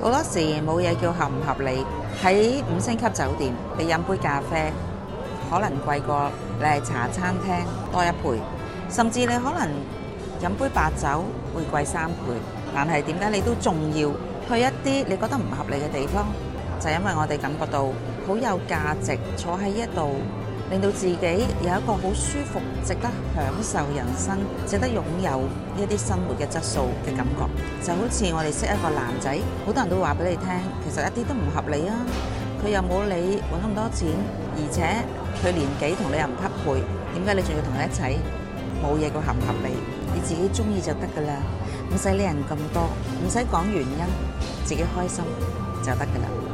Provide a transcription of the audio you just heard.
好多時冇嘢叫合唔合理，喺五星級酒店你飲杯咖啡可能貴過你係茶餐廳多一倍，甚至你可能飲杯白酒會貴三倍，但係點解你都仲要去一啲你覺得唔合理嘅地方？就因為我哋感覺到好有價值，坐喺一度，令到自己有一個好舒服、值得享受人生、值得擁有呢啲生活嘅質素嘅感覺，就好似我哋識一個男仔，好多人都會話俾你聽，其實一啲都唔合理啊！佢又冇你揾咁多錢，而且佢年紀同你又唔匹配，點解你仲要同佢一齊？冇嘢嘅合唔合理，你自己中意就得㗎啦，唔使理人咁多，唔使講原因，自己開心就得㗎啦。